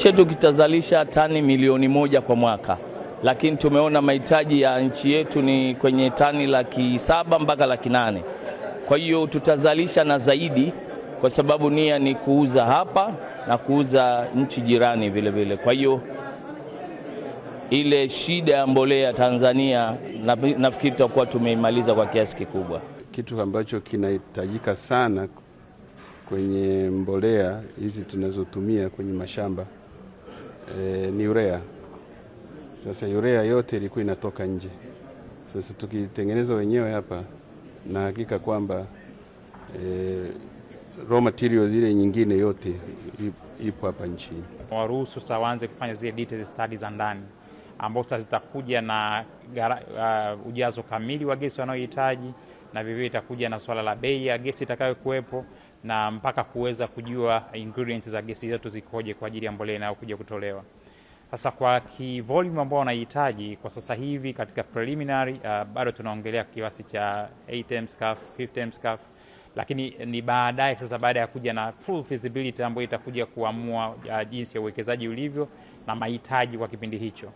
chetu kitazalisha tani milioni moja kwa mwaka, lakini tumeona mahitaji ya nchi yetu ni kwenye tani laki saba mpaka laki nane. Kwa hiyo tutazalisha na zaidi, kwa sababu nia ni kuuza hapa na kuuza nchi jirani vile vile. Kwa hiyo ile shida ya mbolea Tanzania nafikiri tutakuwa tumeimaliza kwa kiasi kikubwa. Kitu ambacho kinahitajika sana kwenye mbolea hizi tunazotumia kwenye mashamba e, ni urea. Sasa urea yote ilikuwa inatoka nje. Sasa tukitengeneza wenyewe hapa, na hakika kwamba e, raw materials ile nyingine yote ipo hapa nchini. Waruhusu sawanze kufanya zile details studies za ndani ambao sasa zitakuja na gara, uh, ujazo kamili wa gesi wanaohitaji, na vivyo itakuja na swala la bei ya gesi itakayokuwepo na mpaka kuweza kujua ingredients za gesi zetu zikoje kwa ajili ya mbolea inayokuja kutolewa. Sasa kwa ki volume ambao wanahitaji kwa sasa hivi katika preliminary uh, bado tunaongelea kiasi cha 8 MSCF, 50 MSCF, lakini ni baadaye sasa, baada ya kuja na full feasibility ambayo itakuja kuamua uh, jinsi ya uwekezaji ulivyo na mahitaji kwa kipindi hicho.